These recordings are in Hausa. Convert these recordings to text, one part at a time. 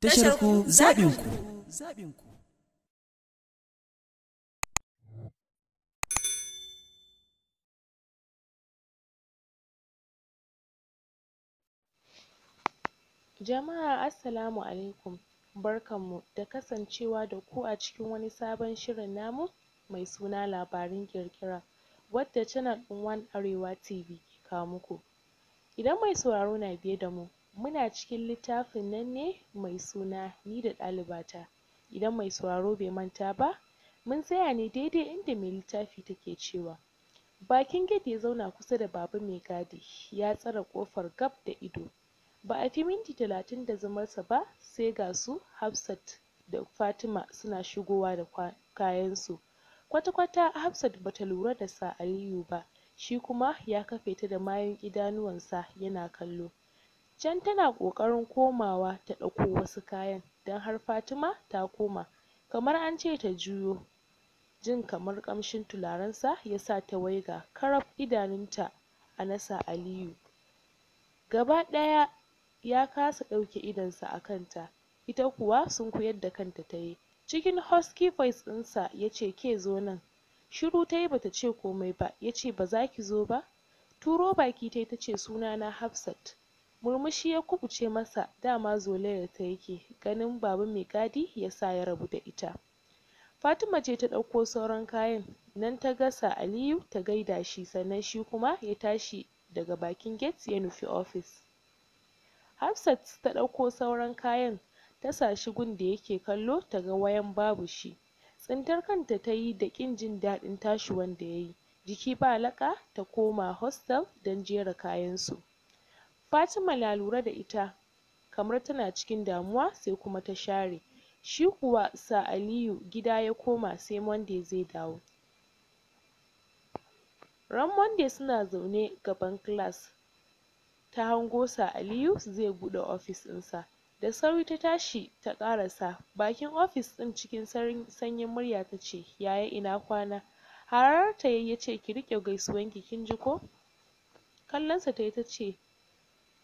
tashar ku zaɓin ku. Jama'a assalamu alaikum barkanmu da kasancewa da ku a cikin wani sabon shirin namu mai suna labarin ƙirƙira wadda channel ɗin One Arewa TV ka muku. Idan mai sauraro na biye da mu muna cikin littafin nan ne mai suna ni da ɗalibata idan mai sauraro bai manta ba mun tsaya ne daidai inda mai littafi take cewa bakin gate ya zauna kusa da baba mai gadi ya tsare ƙofar gab da ido ba a fi minti talatin da zamarsa ba sai ga su Hafsat da Fatima suna shigowa da kayansu kwata-kwata Hafsat bata lura da sa Aliyu ba shi kuma ya kafe ta da mayun idanuwansa yana kallo Can tana ƙoƙarin komawa ta ɗauko wasu kayan don har Fatima ta koma, kamar an ce ta juyo, jin kamar ƙamshin sa ya sa ta waiga karaf idanunta a nasa Aliyu gaba ɗaya ya kasa ɗauke idonsa a kanta, ita kuwa sun sunkuyar da kanta ta yi. Cikin husky voice ɗinsa ya ce ke zo nan. Shiru ta yi ba ce komai ba, ya ba za ki zo ba? Turo baki ta yi ta ce sunana Hafsat. murmushi ya kubuce masa dama ta yake ganin baba mai gadi yasa ya rabu da ita Fatima ce ta ɗauko sauran kayan nan ta gasa Aliyu ta gaida shi sannan shi kuma ya tashi daga bakin gate ya nufi ofis. Hafsat ta ɗauko sauran kayan ta sa shi gun da yake kallo ta ga wayan babu shi tsintar kanta ta yi da ƙin jin daɗin tashi wanda ya yi jiki ba laƙa ta koma hostel don jera kayansu Fatima na lura da ita kamar tana cikin damuwa sai kuma ta share. Shi kuwa Sir Aliyu gida ya koma sai Monday zai dawo. Ran Monday suna zaune gaban class ta hango Sir Aliyu zai buɗe ofis ɗinsa. Da sauri ta tashi ta ƙarasa bakin ofis ɗin cikin sanyin murya ta ce, "Yaya ina kwana?" Hararta yayi ya ce, "Ki riƙe gaisuwanki kin ji ko?" Kallonsa ta yi ta ce,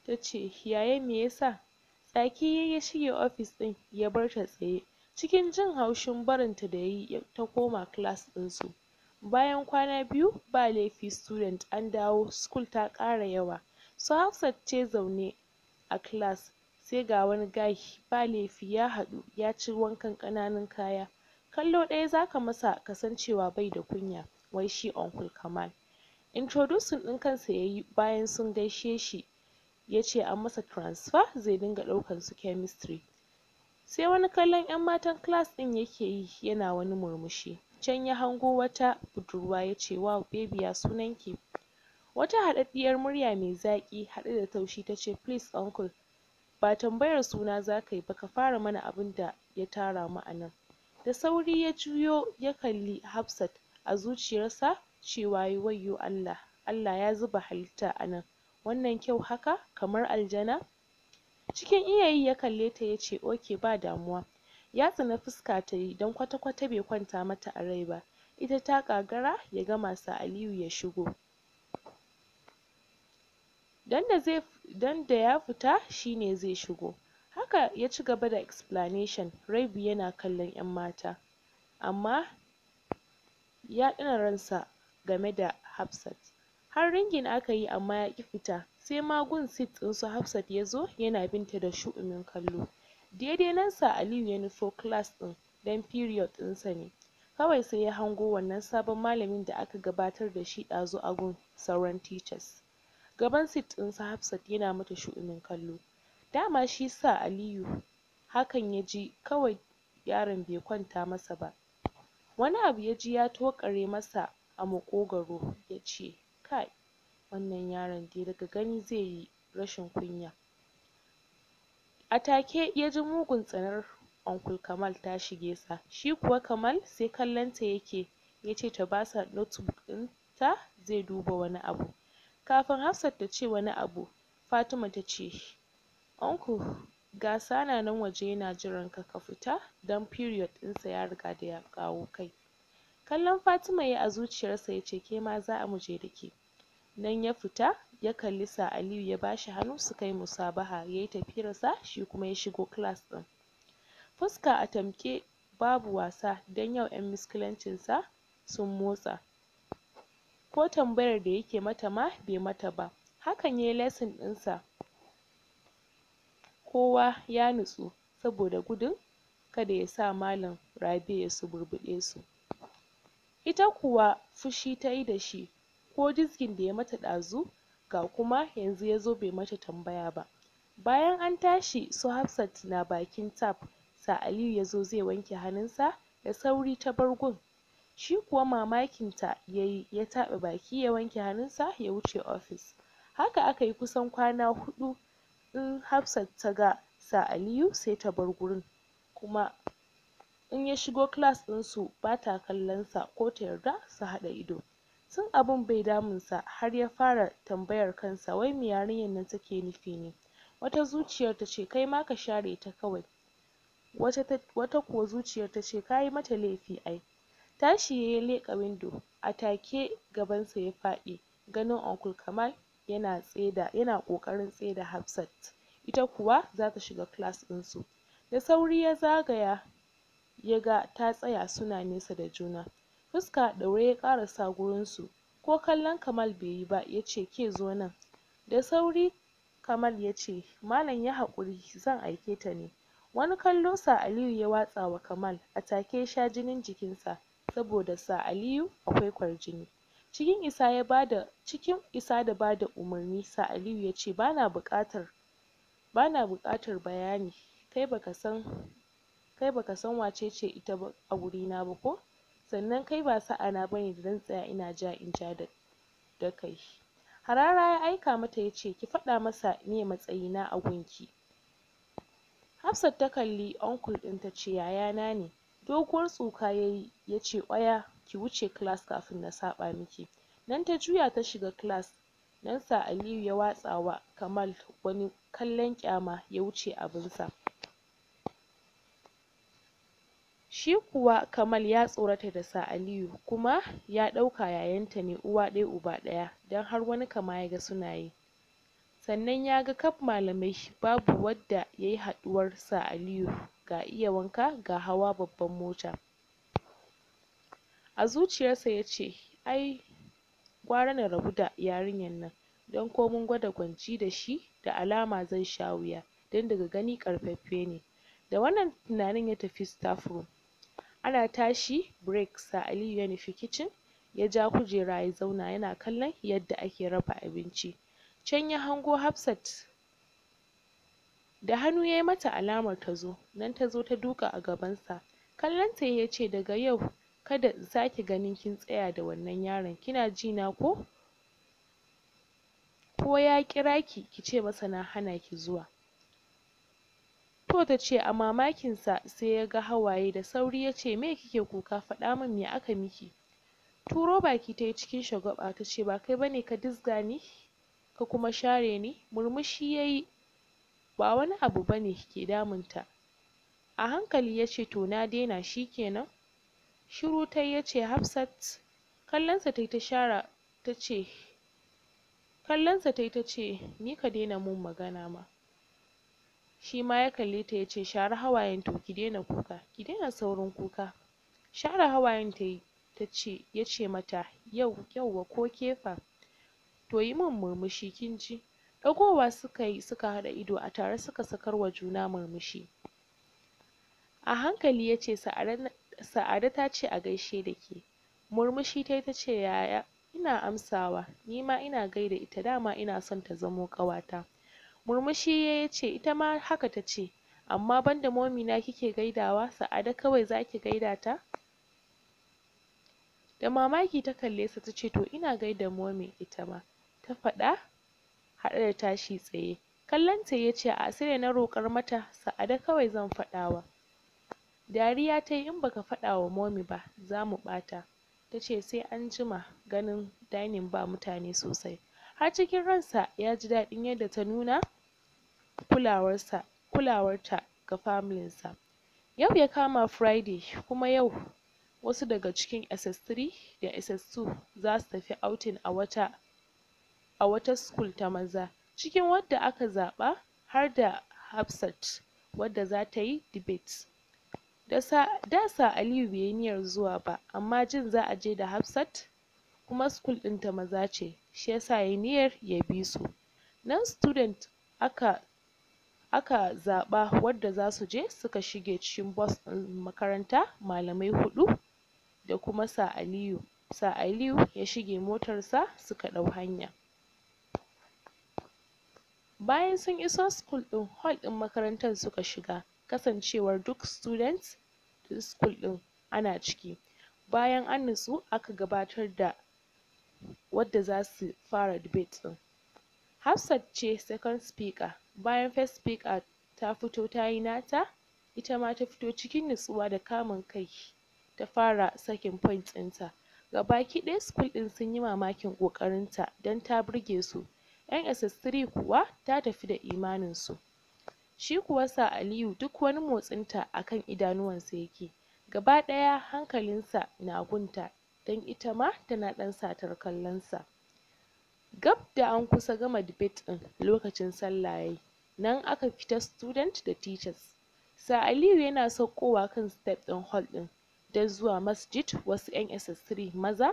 ta ce "Yaya me yasa?" Tsaki ya shige ofis ɗin ya barta tsaye, cikin jin haushin barinta da yayi ta koma class su Bayan kwana biyu ba laifi student an dawo school ta ƙara yawa, su Hafsat ce zaune a class sai ga wani guy ba laifi ya haɗu ya ci wankan ƙananan kaya. Kallo ɗaya zaka masa ka san cewa bai da kunya, wai shi Uncle Kamal. Introducing ɗin kansa yayi bayan sun gaishe shi yace ce an masa transfer zai dinga daukan su chemistry sai wani kallon 'yan matan class ɗin yake yi yana wani murmushi can ya hango wata budurwa ya ce wow baby ya ki? wata haɗaɗɗiyar murya mai zaƙi haɗe da taushi ta ce please uncle ba tambayar suna za ka yi ba ka fara mana abin da ya tara mu a nan da sauri ya juyo ya kalli Hafsat a zuciyarsa cewa wayyo Allah Allah ya zuba halitta a nan wannan kyau haka kamar aljana cikin iyayi ya kalle ta yace okay ba damuwa ya tsani fuska tayi don kwata kwata bai kwanta mata a rai ba ita ta gagara ya ga sa Aliyu ya shigo dan da zai ya fita shine zai shigo haka ya cigaba da explanation Rabi yana kallon ƴan mata amma ya ɗina ransa game da Hafsat Har ringin aka yi amma ya ƙi fita sai ma gun sit ɗin su Hafsat ya zo yana binta da shu'umin kallo. Daidai nan sa Aliyu ya nufo class ɗin don period ɗinsa ne. Kawai sai ya hango wannan sabon malamin da aka gabatar da shi ɗazu a gun sauran teachers. Gaban sit ɗin su Hafsat yana mata shu'umin kallo. Dama shi yasa Aliyu hakan ya ji kawai yaron bai kwanta masa ba. Wani abu ya ji ya toƙare masa a maƙogwaro ya ce kai wannan yaron dai daga gani zai yi rashin kunya a take ya ji mugun tsanar Uncle Kamal ta shige sa shi kuwa Kamal sai kallon ta yake yace ta basa notebook ɗinta zai duba wani abu kafin Hafsat ta ce wani abu Fatima ta ce Uncle ga na nan waje yana jiran ka ka fita don period ɗinsa ya riga da ya kawo kai kallon Fatima yayi a zuciyarsa ce ke ma za mu je da ke nan ya fita ya kalli sa Aliyu ya bashi hannu suka yi musabaha yayi tafiyarsa shi kuma ya shigo class ɗin fuska a tamke babu wasa don yau 'yan miskilancinsa sun motsa ko tambayar da yake mata ma bai mata ba hakan yayi lesson ɗinsa kowa ya nutsu saboda gudun kada ya sa Malam Rabe ya suburbuɗe su ita kuwa fushi ta yi da shi ko jizgin da ya mata ɗazu ga kuma yanzu ya zo bai mata tambaya ba bayan an tashi su Hafsat na bakin tab Sir Aliyu ya zo zai wanke hannunsa da sauri ta Bargun? shi kuwa mamakin ta yayi ya taɓa baki ya wanke hannunsa ya wuce ofis? haka aka yi kusan kwana huɗu in Hafsat ta ga Sir Aliyu sai ta bar gurin kuma in ya shigo class ɗinsu bata kallon sa ko ta yarda su haɗa ido tun abun bai damun sa har ya fara tambayar kansa wai me yarinyar nan take nufi ne wata zuciyar tace ma ka share ta kawai wata ta wata kuwa zuciyar tace kayi mata laifi ai tashi yayi ya leƙa windo a take gabansa ya faɗi ganin Uncle Kamal yana tseda yana ƙoƙarin tseda Hafsat ita kuwa zata shiga class su. da sauri ya zagaya yaga ta tsaya suna nesa da juna fuska a ɗaure ya ƙarasa gurinsu ko kallon Kamal bai yi ba ya ce ke zo nan da sauri Kamal ya ce malam ya haƙuri zan aike ta ne wani kallo sa Aliyu ya watsa wa Kamal a take ya sha jinin jikinsa saboda sa Aliyu akwai kwarjini cikin isa ya bada cikin isa da bada umarni sa Aliyu ya ce bana buƙatar bana buƙatar bayani kai baka san kai baka san wacece ita ba a gurina ba ko sannan kai ba sa'a na bane da zan tsaya ina ja in ja da da kai harara ya aika mata yace ki faɗa masa matsayi na a gunki Hafsat ta kalli uncle ɗin tace yayana ne doguwar tsoka yayi yace oya ki wuce class kafin na saɓa miki nan ta juya ta shiga class nan sa Aliyu ya watsa wa Kamal wani kallon ƙyama ya wuce abinsa Shi kuwa Kamal ya tsorata da sa Aliyu kuma ya ɗauka yayanta ne uwa ɗaya uba ɗaya don har wani kama ya ga suna yi. Sannan ya ga kaf malamai babu wadda ya yi haɗuwar sa Aliyu ga iya wanka ga hawa babban mota. A zuciyarsa ya ce, ai gwara na rabu da yarinyar nan don ko mun gwada gwanci da shi da alama zan sha wuya don daga gani ƙarfaffe ne. Da wannan tunanin ya tafi staff room. ana tashi break sa Aliyu ya nufi kicin ya ja kujera ya zauna yana kallon yadda ake raba abinci can ya hango Hafsat da hannu yayi mata alamar ta zo nan ta zo ta duka a gabansa kallonta ya ce daga yau kada in sake ganin kin tsaya da wannan yaron kina ji na ko ko ya kira ki ce masa na hana ki zuwa To ta ce a mamakinsa sai ya ga hawaye da sauri ya ce me kike kuka faɗa min me aka miki. Turo baki ta yi cikin shagwaɓa ta ce ba kai bane ka dizga ni ka kuma share ni murmushi ya yi ba wani abu bane ke damun ta? A hankali ya ce to na daina shi kenan. Shiru ta yi ya ce Hafsat kallonsa ta yi ta share ta ce sa ta yi ta ce ni ka daina mun magana ma. Shima ya kalle ta yace, share hawayen to ki daina kuka ki daina saurin kuka share hawayen ta yi mata yau yauwa ko kefa? to yi min murmushi kin ji ɗagowa suka yi suka haɗa ido a tare suka sakar wa juna murmushi a hankali yace ce sa'ada ta ce a gaishe da ke murmushi ta yi ta ce yaya ina amsawa nima ina gaida ita dama ina son ta zamo ƙawata Murmushi ya ce, ita ma haka ta ce, amma ban da na kike gaidawa, Sa'ada kawai za ki gaida ta? Da mamaki ta kalle sa ta ce, to ina gaida momi ita ma, ta faɗa haɗe da tashi tsaye. Kallon ta ya ce, a sai na roƙar mata, Sa'ada kawai zan faɗawa. Dariya ta yi, in baka faɗawa momi ba, za mu ɓata. Ta ce sai an jima ganin dainin ba mutane sosai. har cikin ransa ya ji daɗin yadda ta nuna kulawarsa kulawarta ga familinsa yau ya kama Friday kuma yau wasu daga cikin SS3 da SS2 za su tafi outing a wata a wata school ta maza cikin wadda aka zaɓa har da Hafsat wadda za ta yi debate da sa Aliyu bai yi niyyar zuwa ba amma jin za a je da Hafsat kuma school ɗinta maza ce shi yasa yayi niyyar ya bi su nan student aka aka zaɓa wadda zasu je suka shige cikin bus ɗin makaranta malamai huɗu da kuma Sir Aliyu Sir Aliyu ya shige motarsa suka ɗau hanya bayan sun iso school ɗin hall ɗin makarantar suka shiga kasancewar duk students ɗin school ɗin ana ciki bayan an nutsu aka gabatar da wadda za su fara debate din? Hafsat ce second speaker, bayan first speaker ta fito ta yi nata, ita ma ta fito cikin nutsuwa da kamun kai ta fara sakin point ɗinta. Gabaki ɗaya school ɗin sun yi mamakin ƙoƙarinta don ta burge su, 'yan SS3 kuwa ta tafi da imanin su Shi kuwa sa Aliyu duk wani motsinta akan idanuwansa yake, gaba ɗaya hankalinsa na gunta don ita ma tana ɗan satar kallonsa gab da an kusa gama debate ɗin lokacin sallah yayi nan aka fita student da teachers sa Aliyu yana saukowa kan step ɗin hall ɗin don zuwa masjid wasu 'yan SS3 maza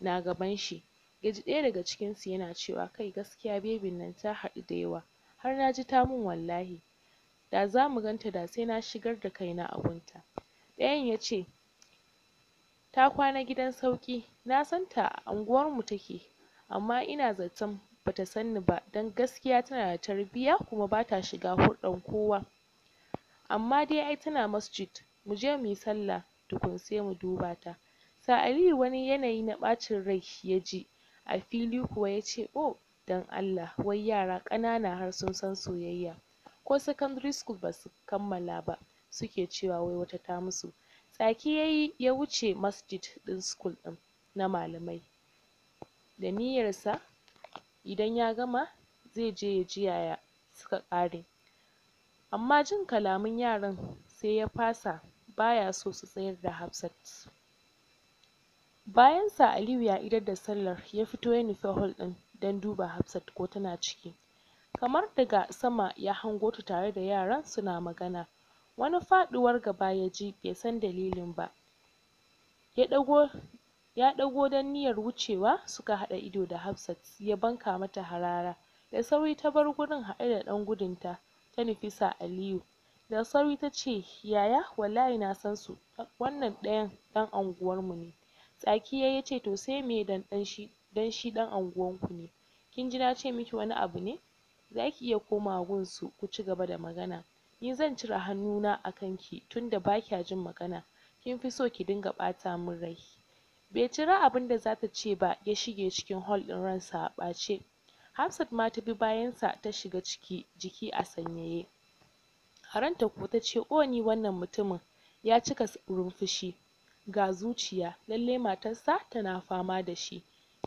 na gaban shi Gaji ɗaya daga cikinsu yana cewa kai gaskiya bebin nan ta haɗu da yawa har na ji ta min wallahi da za mu ganta da sai na shigar da kaina abunta. ɗayan ya ce ta kwana gidan sauƙi na santa a anguwar mu take amma ina zaton bata sanni ba don gaskiya tana da tarbiyya kuma bata shiga hulɗan kowa amma dai ai tana masjid muje muyi sallah tukun sai mu duba ta Sir Aliyu wani yanayi na ɓacin rai ya ji. a fili kuwa yace oh dan Allah wai yara ƙanana har sun san soyayya ko secondary school basu kammala ba suke cewa wai wata ta musu tsaki yayi ya wuce masjid ɗin school ɗin na malamai da niyyar sa idan ya gama zai je ya ji yaya suka ƙare amma jin kalaman yaran sai ya fasa baya so su tsayar da Hafsat bayan sa Aliyu ya idar da sallar ya fito ya nufi hall ɗin don duba Hafsat ko tana ciki kamar daga sama ya hango ta tare da yaran suna magana wani faɗuwar gaba ya ji bai san dalilin ba ya ɗago ya dago don niyyar wucewa suka haɗa ido da Hafsat ya banka mata harara da sauri ta bar gurin haɗe da ɗan gudunta ta Nafisa Aliyu da sauri ta ce yaya wallahi na san su wannan ɗayan ɗan unguwarmu ne tsaki yayi ya ce to sai me dan dan shi dan shi ɗan ku ne kin ji na ce miki wani abu ne zaki iya komawa gunsu ku ci gaba da magana ni zan cire hannuna a kanki tunda ba kya jin magana kin fi so ki dinga ɓata min rai bai jira za ta ce ba ya shige cikin hall ɗin ransa a ɓace Hafsat ma ta bi bayansa ta shiga ciki jiki a sanyaye a ko kuwa ta ce o ni wannan mutumin ya cika wurin fushi ga zuciya lallai matarsa tana fama da shi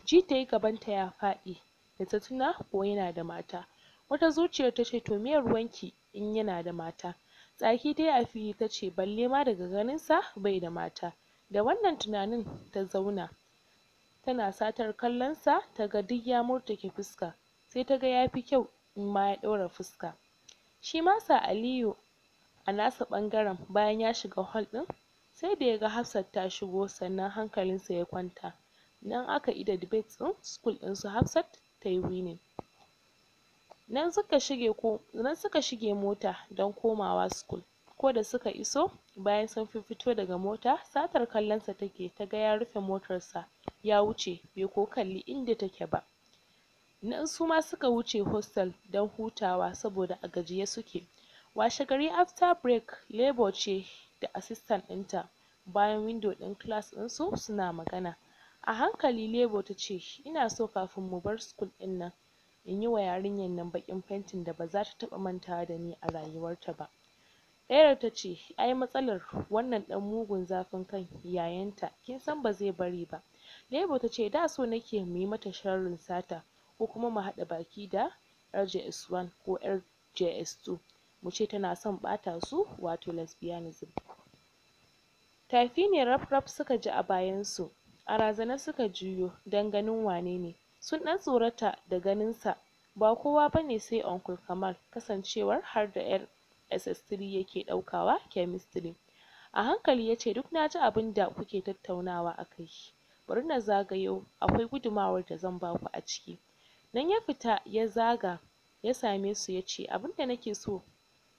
ji tayi gabanta ya faɗi da ta tuna ko yana da mata wata zuciyar ta ce to me ruwanki in yana da mata tsaki tayi a fili tace balle ma daga ganinsa bai da mata da wannan tunanin ta zauna tana satar kallon kallonsa taga duk ya murtuke fuska sai taga yafi kyau in ma ya ɗaura fuska shima Sa Aliyu a nasa ɓangaren bayan ya shiga hall ɗin sai da yaga Hafsat ta shigo sannan hankalinsa ya kwanta nan aka ida debate ɗin school ɗin su Hafsat tayi winning Nan suka shige ko nan suka shige mota don komawa school. Ko da suka iso, bayan sun fiffito daga mota, satar kallonsa take ta ga ya rufe motarsa ya wuce bai ko kalli inda take ba. Nan su ma suka wuce hostel don hutawa saboda a gajiye suke. gari after break, Labour ce da assistant ɗinta bayan window ɗin class ɗinsu suna magana. A hankali Labour ta ce, ina so kafin mu bar school ɗin nan in yi wa yarinyar nan baƙin fentin da ba ta taɓa mantawa da ni a rayuwarta ba ɗayar ta ce ai matsalar wannan ɗan mugun zafin kan yayanta kin san ba bari ba Labour tace ce da so nake muyi mata sharrin sata ko kuma mu haɗa baki da RJS1 ko RJS2 mu ce tana son ɓata su wato lesbianism tafi ne raf-raf suka ji a bayansu a razane suka juyo don ganin wane ne sun ɗan tsorata da ganin sa ba kowa bane sai Uncle Kamal kasancewar har da ‘yar SS3 yake ɗaukawa chemistry. A hankali yace duk naji ji abin da kuke tattaunawa akai kai, bari na zagayo akwai gudumawar da zan ba ku a ciki. Nan ya fita ya zaga ya same su yace ce abin da nake so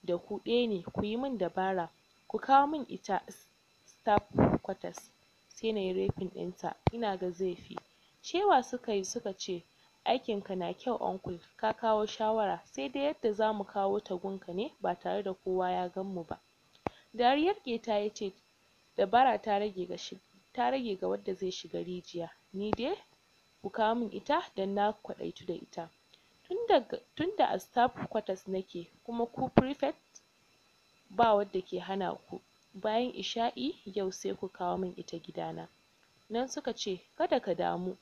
da ku ɗaya ne ku yi min dabara ku kawo min ita staff quarters sai na yi ɗinta ina ga zai fi. Cewa suka yi suka ce, aikin ka na kyau Uncle, ka kawo shawara, sai dai yadda za mu kawo ta gunka ne ba tare da kowa ya gan mu ba." Dariyar ƙeta ya ce, "Dabara ta rage ga wanda zai shiga rijiya, ni dai ku kawo min ita don na kwaɗaitu da ita. Tun da a Staff Quarters nake, kuma ku prefect ba wanda ke hana ku, bayan isha'i yau sai ku kawo min ita gidana." Nan suka ce, "Kada ka damu,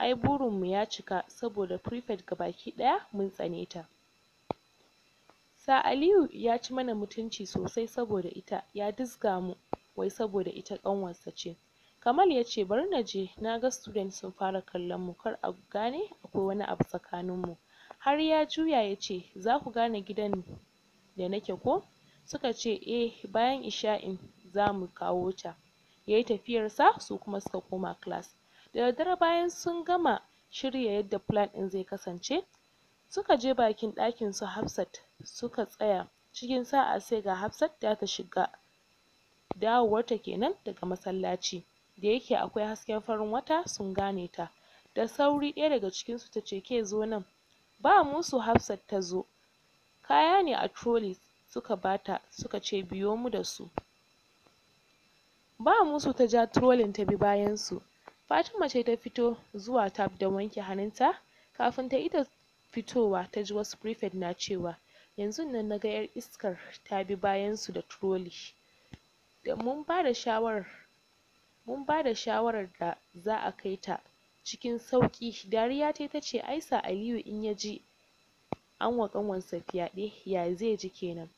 ai mu ya cika saboda prefect gabaki ɗaya mun tsane ta sa Aliyu ya ci mana mutunci sosai saboda ita ya dizga mu wai saboda ita ƙanwarsa ce Kamal ya ce bari na je na ga student sun fara kallon mu kar a gane akwai wani abu tsakanin mu har ya juya ya ce za ku gane gidan da nake ko suka ce eh bayan isha'in za mu kawo ta yayi yi tafiyarsa su kuma suka koma class da daddare bayan sun gama shirya yadda plan ɗin zai kasance suka je bakin ɗakin su Hafsat suka tsaya cikin sa'a sai ga Hafsat da ta shiga dawowar ta kenan daga masallaci da yake akwai hasken farin wata sun gane ta da sauri ɗaya daga cikin su tace ke zo nan ba mu su Hafsat ta zo kaya ne a trolley suka bata suka ce biyo mu da su ba musu ta ja trolley ta bi bayan su Fatima ce ta fito zuwa Taf don wanke hannunta kafin ta ita fitowa ta ji wasu prefect na cewa Yanzu nan na ga 'yar iskar ta bi bayansu da turoli da mun ba da shawarar da za a kai ta cikin sauƙi dariya ta yi ta ce ai Sa Aliyu in ya ji an wa ƙanwarsa fyaɗe ya zai ji kenan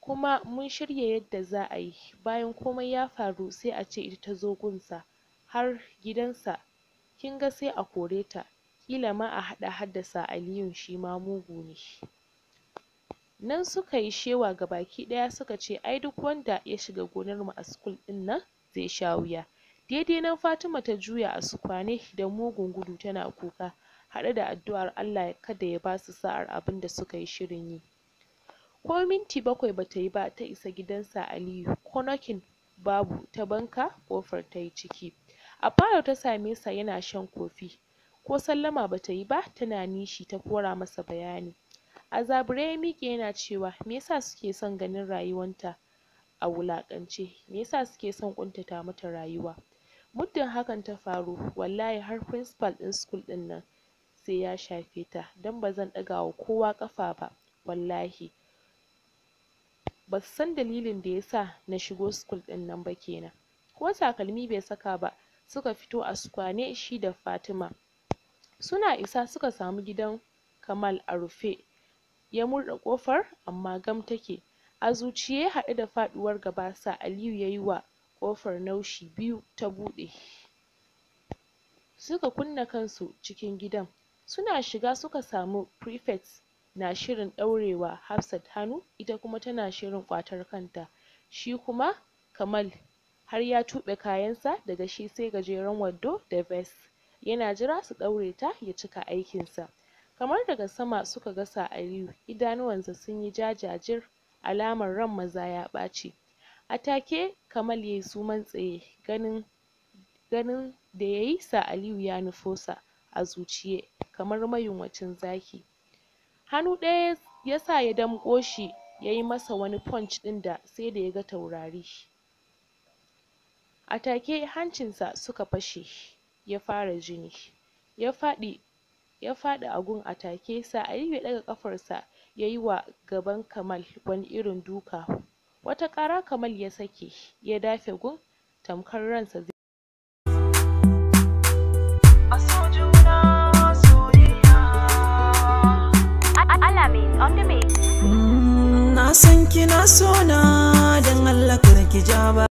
kuma mun shirya yadda za a yi bayan komai ya faru sai a ce ita ta zo gunsa har gidansa kin ga sai a kore ta ƙila ma a haɗa haddasa Aliyun shi ma mugu ne nan suka yi shewa ga baki ɗaya suka ce ai duk wanda ya shiga gonar mu a school ɗin nan zai sha wuya daidai nan Fatima ta juya a sukwane da mugun gudu tana kuka haɗe da addu'ar Allah kada ya basu sa'ar abin da suka yi shirin yi ko minti bakwai bata yi ba ta isa gidan gidansa Aliyu ko knocking babu ta banka ƙofar ta yi ciki A falo ta same sa yana shan kofi, ko sallama ba ta yi ba tana nishi ta kora masa bayani. A zabure ya miƙe yana cewa me yasa suke son ganin rayuwanta a wulaƙance, me yasa suke son ƙuntata mata rayuwa. Muddin hakan ta faru wallahi har principal ɗin school ɗin nan sai ya shafe ta don ba zan ɗaga wa kowa ƙafa ba wallahi. Ba su san dalilin da ya sa na shigo school ɗin nan ba kenan. Ko takalmi bai saka ba suka fito a sukwane shi da Fatima. Suna isa suka samu gidan Kamal a rufe, ya murɗe ƙofar amma gam take. A zuciye haɗe da faɗuwar gaba sa Aliyu ya yi wa ƙofar naushi biyu ta buɗe. Suka kunna kansu cikin gidan. Suna shiga suka samu prefect na shirin ɗaurewa Hafsat hannu ita kuma tana shirin ƙwatar kanta. Shi kuma Kamal har ya tuɓe kayansa daga shi sai gajeren wando da ves, yana jira su ɗaure ta ya cika aikinsa kamar daga sama suka gasa Aliyu idanuwansa sun yi jajajir alamar ran maza ya ɓaci a take Kamal yayi suman tsaye ganin ganin da yayi sa Aliyu ya nufo sa a zuciye kamar mayunwacin zaki hannu ɗaya ya sa ya damƙo shi yayi masa wani punch ɗin da sai da ya ga taurari a take hancinsa suka fashe ya fara jini ya faɗi ya faɗi a gun a take sa Sa'aliyu ya ɗaga ƙafarsa yayi wa gaban Kamal wani irin duka wata kara Kamal ya sake ya dafe gun tamkar ransa zai mm, Na san kina sona don Allah ja ba